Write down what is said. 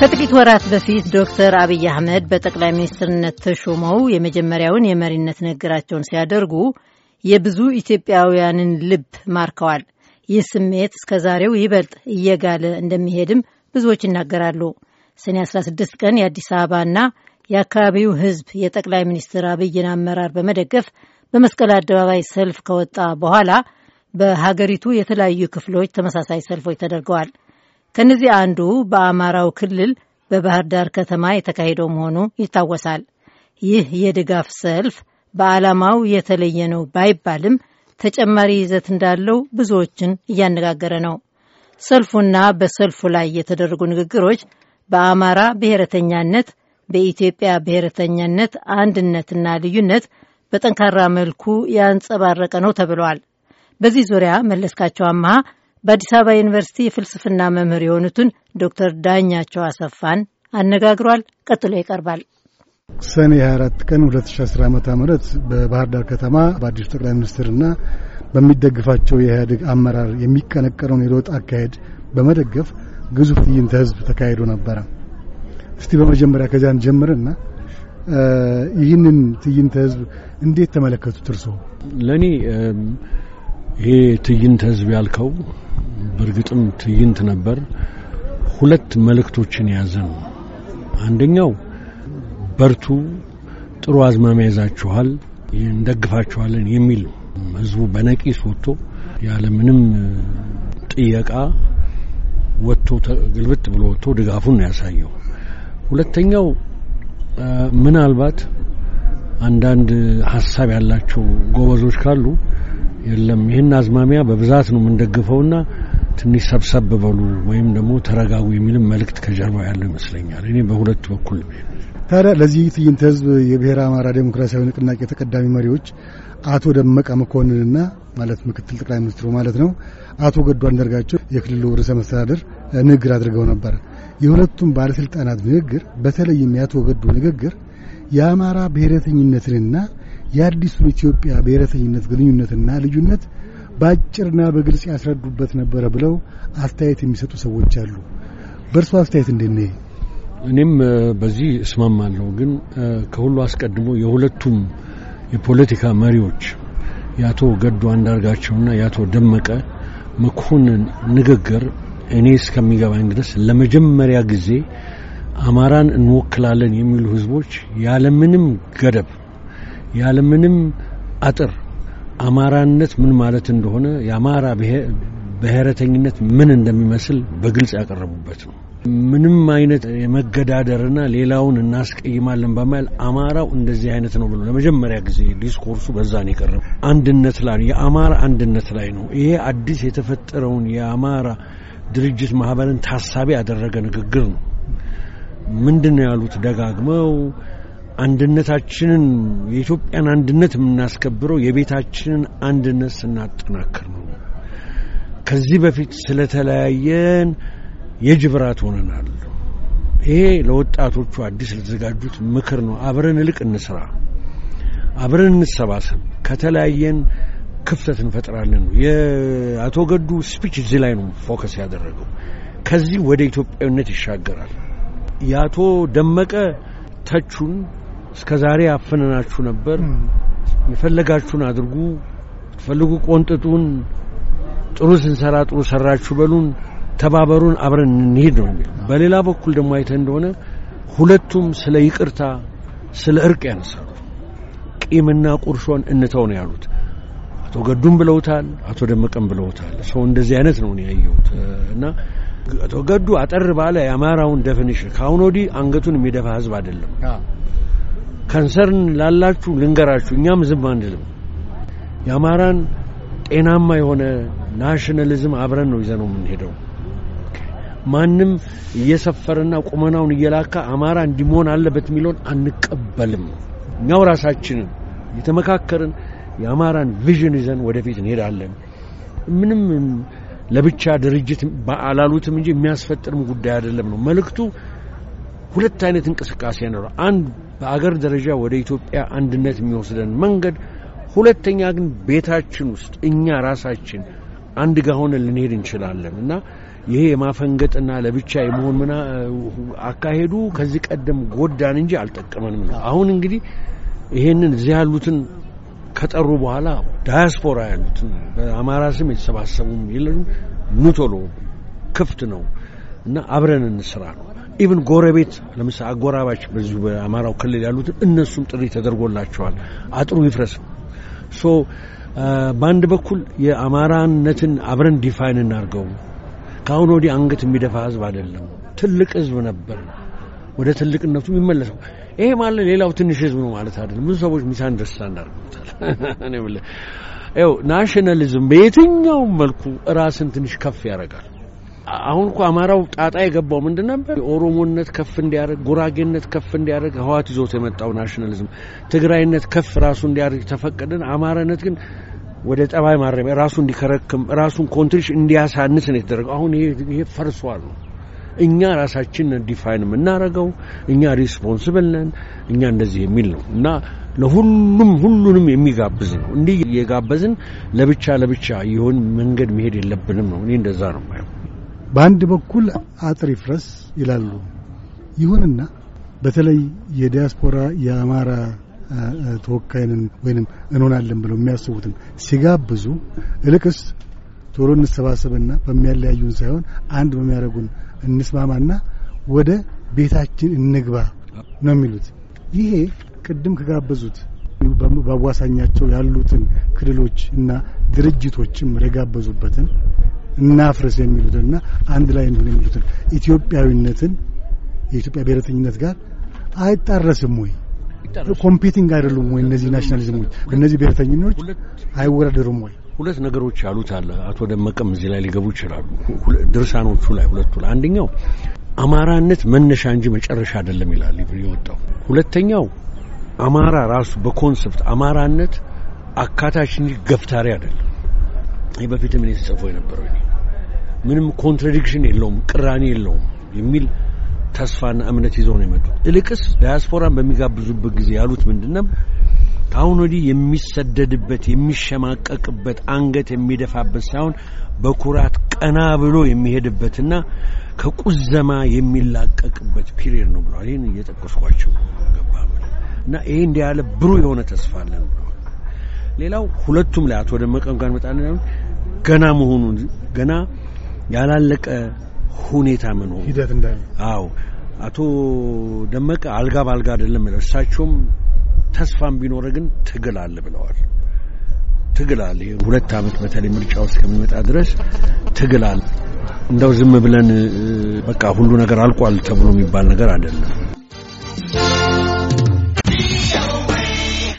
ከጥቂት ወራት በፊት ዶክተር አብይ አህመድ በጠቅላይ ሚኒስትርነት ተሾመው የመጀመሪያውን የመሪነት ንግግራቸውን ሲያደርጉ የብዙ ኢትዮጵያውያንን ልብ ማርከዋል። ይህ ስሜት እስከ ዛሬው ይበልጥ እየጋለ እንደሚሄድም ብዙዎች ይናገራሉ። ሰኔ 16 ቀን የአዲስ አበባና የአካባቢው ሕዝብ የጠቅላይ ሚኒስትር አብይን አመራር በመደገፍ በመስቀል አደባባይ ሰልፍ ከወጣ በኋላ በሀገሪቱ የተለያዩ ክፍሎች ተመሳሳይ ሰልፎች ተደርገዋል። ከነዚህ አንዱ በአማራው ክልል በባህር ዳር ከተማ የተካሄደው መሆኑ ይታወሳል። ይህ የድጋፍ ሰልፍ በዓላማው የተለየ ነው ባይባልም ተጨማሪ ይዘት እንዳለው ብዙዎችን እያነጋገረ ነው። ሰልፉና በሰልፉ ላይ የተደረጉ ንግግሮች በአማራ ብሔረተኛነት፣ በኢትዮጵያ ብሔረተኛነት አንድነትና ልዩነት በጠንካራ መልኩ ያንጸባረቀ ነው ተብለዋል። በዚህ ዙሪያ መለስካቸው አመሃ በአዲስ አበባ ዩኒቨርሲቲ የፍልስፍና መምህር የሆኑትን ዶክተር ዳኛቸው አሰፋን አነጋግሯል። ቀጥሎ ይቀርባል። ሰኔ 24 ቀን 2010 ዓ ም በባህር ዳር ከተማ በአዲሱ ጠቅላይ ሚኒስትርና በሚደግፋቸው የኢህአዴግ አመራር የሚቀነቀነውን የለውጥ አካሄድ በመደገፍ ግዙፍ ትዕይንተ ህዝብ ተካሂዶ ነበረ። እስቲ በመጀመሪያ ከዚያን ጀምርና ይህንን ትዕይንተ ህዝብ እንዴት ተመለከቱት እርስዎ? ለእኔ ይሄ ትዕይንተ ህዝብ ያልከው በእርግጥም ትዕይንት ነበር። ሁለት መልእክቶችን የያዘ ነው። አንደኛው በርቱ፣ ጥሩ አዝማሚያ ይዛችኋል፣ እንደግፋችኋለን የሚል ነው። ህዝቡ በነቂስ ወጥቶ ያለምንም ጥየቃ ወጥቶ ግልብጥ ብሎ ወጥቶ ድጋፉን ነው ያሳየው። ሁለተኛው ምናልባት አንዳንድ ሀሳብ ያላቸው ጎበዞች ካሉ የለም ይህን አዝማሚያ በብዛት ነው የምንደግፈውና ትንሽ ሰብሰብ በሉ ወይም ደግሞ ተረጋጉ የሚልም መልእክት ከጀርባ ያለው ይመስለኛል። እኔ በሁለቱ በኩል ታዲያ ለዚህ ትዕይንተ ህዝብ የብሔረ አማራ ዴሞክራሲያዊ ንቅናቄ ተቀዳሚ መሪዎች አቶ ደመቀ መኮንንና ማለት ምክትል ጠቅላይ ሚኒስትሩ ማለት ነው አቶ ገዱ አንዳርጋቸው የክልሉ ርዕሰ መስተዳደር ንግግር አድርገው ነበር። የሁለቱም ባለስልጣናት ንግግር በተለይም የአቶ ገዱ ንግግር የአማራ ብሔረተኝነትንና የአዲሱን ኢትዮጵያ ብሔረተኝነት ግንኙነትና ልዩነት በአጭርና በግልጽ ያስረዱበት ነበረ ብለው አስተያየት የሚሰጡ ሰዎች አሉ። በእርሶ አስተያየት እንደነ እኔም በዚህ እስማማለሁ። ግን ከሁሉ አስቀድሞ የሁለቱም የፖለቲካ መሪዎች የአቶ ገዱ አንዳርጋቸውና የአቶ ደመቀ መኮንን ንግግር እኔ እስከሚገባኝ ድረስ ለመጀመሪያ ጊዜ አማራን እንወክላለን የሚሉ ህዝቦች ያለምንም ገደብ ያለምንም አጥር አማራነት ምን ማለት እንደሆነ የአማራ ብሔረተኝነት ምን እንደሚመስል በግልጽ ያቀረቡበት ነው። ምንም አይነት የመገዳደርና ሌላውን እናስቀይማለን በማል አማራው እንደዚህ አይነት ነው ብሎ ለመጀመሪያ ጊዜ ዲስኮርሱ በዛ ነው የቀረበ። አንድነት ላይ የአማራ አንድነት ላይ ነው። ይሄ አዲስ የተፈጠረውን የአማራ ድርጅት ማህበርን ታሳቢ ያደረገ ንግግር ነው። ምንድን ነው ያሉት ደጋግመው አንድነታችንን የኢትዮጵያን አንድነት የምናስከብረው የቤታችንን አንድነት ስናጠናክር ነው። ከዚህ በፊት ስለተለያየን የጅብራት ሆነናል። ይሄ ለወጣቶቹ አዲስ ለተዘጋጁት ምክር ነው። አብረን እልቅ እንስራ፣ አብረን እንሰባሰብ። ከተለያየን ክፍተት እንፈጥራለን። የአቶ ገዱ ስፒች እዚህ ላይ ነው ፎከስ ያደረገው። ከዚህ ወደ ኢትዮጵያዊነት ይሻገራል። የአቶ ደመቀ ተቹን እስከ ዛሬ አፈነናችሁ ነበር፣ የፈለጋችሁን አድርጉ፣ ትፈልጉ ቆንጥጡን፣ ጥሩ ስንሰራ ጥሩ ሰራችሁ በሉን፣ ተባበሩን፣ አብረን እንሄድ ነው በሌላ በኩል ደግሞ አይተ እንደሆነ ሁለቱም ስለ ይቅርታ ስለ እርቅ ያነሳሉ። ቂምና ቁርሾን እንተው ነው ያሉት። አቶ ገዱም ብለውታል፣ አቶ ደመቀም ብለውታል። ሰው እንደዚህ አይነት ነው ያየሁት እና አቶ ገዱ አጠር ባለ የአማራውን ዴፊኒሽን ከአሁን ወዲህ አንገቱን የሚደፋ ህዝብ አይደለም። ከንሰርን ላላችሁ ልንገራችሁ፣ እኛም ዝም አንልም። የአማራን ጤናማ የሆነ ናሽናሊዝም አብረን ነው ይዘነው የምንሄደው። ማንም እየሰፈረና ቁመናውን እየላካ አማራ እንዲመሆን አለበት የሚለውን አንቀበልም። እኛው ራሳችንን የተመካከርን የአማራን ቪዥን ይዘን ወደፊት እንሄዳለን። ምንም ለብቻ ድርጅት አላሉትም እንጂ የሚያስፈጥርም ጉዳይ አይደለም ነው መልእክቱ። ሁለት አይነት እንቅስቃሴ ነው። አንድ በአገር ደረጃ ወደ ኢትዮጵያ አንድነት የሚወስደን መንገድ፣ ሁለተኛ ግን ቤታችን ውስጥ እኛ ራሳችን አንድ ጋር ሆነን ልንሄድ እንችላለን እና ይሄ የማፈንገጥና ለብቻ የመሆን ምና አካሄዱ ከዚህ ቀደም ጎዳን እንጂ አልጠቀመንም ነው። አሁን እንግዲህ ይሄንን እዚህ ያሉትን ከጠሩ በኋላ ዳያስፖራ ያሉትን በአማራ ስም የተሰባሰቡም የለንም ኑ ቶሎ ክፍት ነው እና አብረን እንስራ ነው። ኢቭን ጎረቤት ለምሳ አጎራባች በዚሁ በአማራው ክልል ያሉትን እነሱም ጥሪ ተደርጎላቸዋል። አጥሩ ይፍረስ ሶ በአንድ በኩል የአማራነትን አብረን ዲፋይን እናርገው። ከአሁን ወዲህ አንገት የሚደፋ ህዝብ አይደለም፣ ትልቅ ህዝብ ነበር። ወደ ትልቅነቱ የሚመለሰው ይሄ ማለት ሌላው ትንሽ ህዝብ ነው ማለት አይደለም። ብዙ ሰዎች ሚስ አንደርስታንድ አድርገውታል። ናሽናሊዝም በየትኛውም መልኩ ራስን ትንሽ ከፍ ያደርጋል። አሁን እኮ አማራው ጣጣ የገባው ምንድን ነበር? ኦሮሞነት ከፍ እንዲያደርግ፣ ጉራጌነት ከፍ እንዲያደርግ ህዋት ይዞት የመጣው ናሽናሊዝም፣ ትግራይነት ከፍ ራሱ እንዲያደርግ ተፈቀደን። አማራነት ግን ወደ ጠባይ ማረሚያ ራሱ እንዲከረክም ራሱን ኮንትሪሽ እንዲያሳንስ ነው የተደረገው። አሁን ይሄ ፈርሷል። ነው እኛ ራሳችን ዲፋይን የምናረገው እኛ ሪስፖንስብል ነን እኛ እንደዚህ የሚል ነው እና ለሁሉም ሁሉንም የሚጋብዝ ነው። እንዲህ የጋበዝን ለብቻ ለብቻ ይሆን መንገድ መሄድ የለብንም ነው። እኔ እንደዛ ነው የማየው። በአንድ በኩል አጥር ይፍረስ ይላሉ። ይሁንና በተለይ የዲያስፖራ የአማራ ተወካይንን ወይንም እንሆናለን ብለው የሚያስቡትን ሲጋብዙ እልቅስ ቶሎ እንሰባሰብና በሚያለያዩን ሳይሆን አንድ በሚያደርጉን እንስማማና ወደ ቤታችን እንግባ ነው የሚሉት። ይሄ ቅድም ከጋበዙት በአዋሳኛቸው ያሉትን ክልሎች እና ድርጅቶችም የጋበዙበትን እናፍርስ የሚሉትንና አንድ ላይ እንሁን የሚሉትን ኢትዮጵያዊነትን የኢትዮጵያ ብሔረተኝነት ጋር አይጣረስም ወይ? ኮምፒቲንግ አይደሉም ወይ? እነዚህ ናሽናሊዝሞች እነዚህ ብሔረተኝኖች አይወዳደሩም ወይ? ሁለት ነገሮች ያሉት አለ። አቶ ደመቀም እዚህ ላይ ሊገቡ ይችላሉ። ድርሳኖቹ ላይ ሁለቱ ላይ አንደኛው አማራነት መነሻ እንጂ መጨረሻ አይደለም ይላል የወጣው። ሁለተኛው አማራ ራሱ በኮንሰፕት አማራነት አካታች እንጂ ገፍታሪ አይደለም። ይህ በፊትም እኔ ተጽፎ የነበረው ምንም ኮንትራዲክሽን የለውም፣ ቅራኔ የለውም የሚል ተስፋና እምነት ይዘው ነው የመጡት። እልቅስ ዳያስፖራን በሚጋብዙበት ጊዜ ያሉት ምንድነው? ከአሁን ወዲህ የሚሰደድበት የሚሸማቀቅበት አንገት የሚደፋበት ሳይሆን በኩራት ቀና ብሎ የሚሄድበትና ከቁዘማ የሚላቀቅበት ፒሪየድ ነው ብለዋል። ይህን እየጠቀስኳቸው ገባ እና ይህ እንዲህ ያለ ብሩህ የሆነ ተስፋ አለን ብለዋል። ሌላው ሁለቱም ላይ አቶ ደመቀም ጋር መጣለን ገና መሆኑን ገና ያላለቀ ሁኔታ ምን ሆኖ ሂደት እንዳለ። አዎ አቶ ደመቀ አልጋ ባልጋ አይደለም ብለው እሳቸውም ተስፋም ቢኖረ ግን ትግል አለ ብለዋል። ትግል አለ። ሁለት ዓመት በተለይ ምርጫው እስከሚመጣ ድረስ ትግል አለ። እንደው ዝም ብለን በቃ ሁሉ ነገር አልቋል ተብሎ የሚባል ነገር አይደለም።